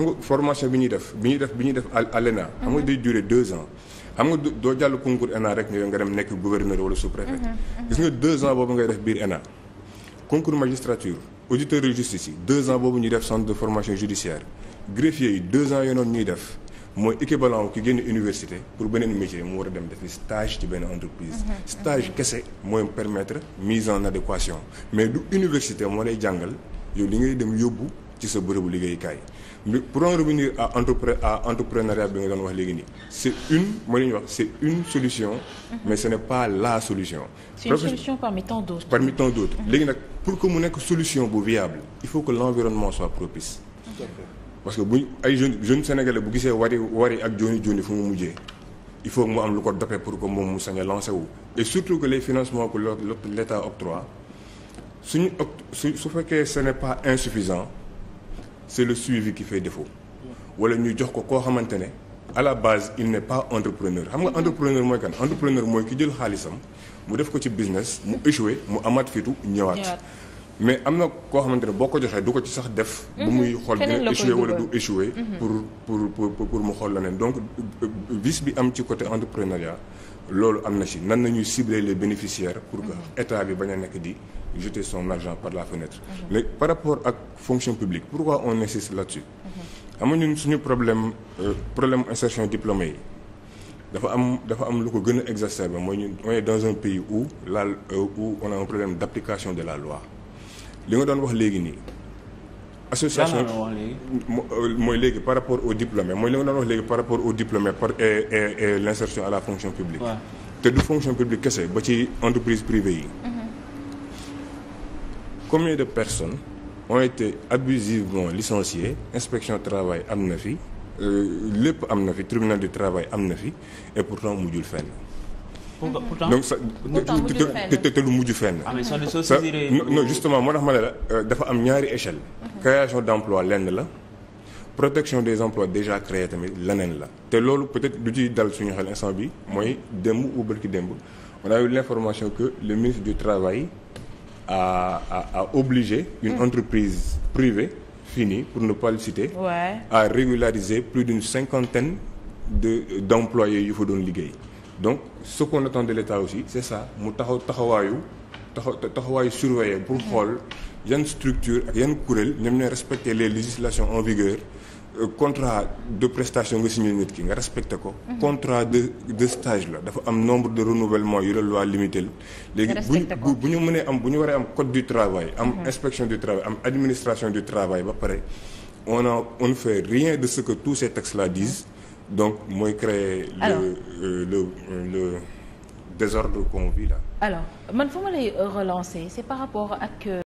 xam nga formation bi ñuy def bi ñuy def bi ñuy def à l'ENA xam nga mhm. day durer deux ans xam nga doo jàll concours ENA rek nga dem nekk gouverneur wala sous-préfet mhm, mhm. gis deux ans boobu ngay def biir ENA concours magistrature auditeur de justice yi deux ans boobu ñuy def centre de formation judiciaire greffier yi deux ans yoonoon ñuy def mooy équivalent ki génn université pour beneen métier mu war a dem defi stage ci benn entreprise stage kese mooy permettre mise en adéquation mais du université moo lay jàngal yow li dem yóbbu ci sa bërëbu liggéeyukaay pour en revenir à entrepre à entrepreneuriat bi nga doon wax léegi nii c'est une mooy li wax c'est une solution. Mhm. mais ce n'est pas la solution. c'est une solution parmi tant d'autres. parmi tant d'autres mhm. léegi nag pour que mu nekk solution bu viable il faut que l'environnement soit propice. parce que bu ay jeunes jeunes sénégale bu gisee wari wari ak jooni jooni fu mu mujjee. il faut mu am lu ko dope pour que moom mu sañ a lancer wu et surtout que les financements que l'État octroie suñu su su fekkee ce pas insuffisant c'est le suivi ki fait défaut wala ñu jox ko koo xamante ne à la base il n'est pas entrepreneur xam nga entrepreneur mooy kan entrepreneur mooy ki jël xaalisam mu def ko ci business mu échoué mu amaat fitu ñëwaat mais am na koo xamante ne boo ko joxee du ko ci sax def. bu mhm. muy xol dina échoué wala du échoué. Mhm. pour pour pour pour mu xool leneen donc vice bi am ci côté entrepreneuriat loolu am na ci nan na ñuy cibler les bénéficiaires pour que mhm. état bi bañ a nekk di jeter son argent par la fenêtre. mais par rapport ak fonction publique pourquoi on insiste là-dessus. xam na ñun suñu problème euh, problème insertion diplômé yi. dafa am dafa am lu ko gën a exacerbé mooy ñun on est dans un pays où la euh, où on a de la loi. li nga doon wax léegi nii. association euh, mooy léegi par rapport au diplômé mooy li nga doon wax léegi par rapport au diplômé par et et l'insertion à la fonction publique. te du fonction publique kese ba ci entreprise privée yi. Mm-hmm. combien de personnes ont été abusivement licenciées inspection travail am na fi euh, lépp am na fi tribunal du travail am na fi et pourtant mujjul fen Mm-hmm. pourtant donc sa te te lu mujj fenn. Ah, non justement moo tax ma ne la euh, dafa am ñaari échelle mm-hmm. création d'emploi lenn la. protection des emplois déjà créés tamit leneen la te loolu peut-être du ci dal suñu xel instant bi mooy démb ou bërki démb on a eu l'information que le ministre du travail a a a obligé une mm. entreprise privée finie pour ne pas a citer ouais. à régulariser plus d'une cinquantaine de d'employés yu fa doon liggéey donc ce qu'on attend de l'État aussi c'est ça mu taxaw taxawaayu taxaw taxawaayu surveiller pour xool yan structure ak yan kuréel ñoom ñooy respecter les législations en vigueur euh, contrat de prestation nga signé nit ki nga respecté ko mhm. contrat de de stage la dafa am nombre de renouvellement yu la loi limité léegi bu bu ñu mënee am bu ñu waree am code du travail am mhm. inspection du travail am administration du travail ba pare on a on fait rien de ce que tous ces textes là donc mooy créer le euh, le le, euh, le désordre qu'on vit là alors man fu ma lay relancer c'est par rapport ak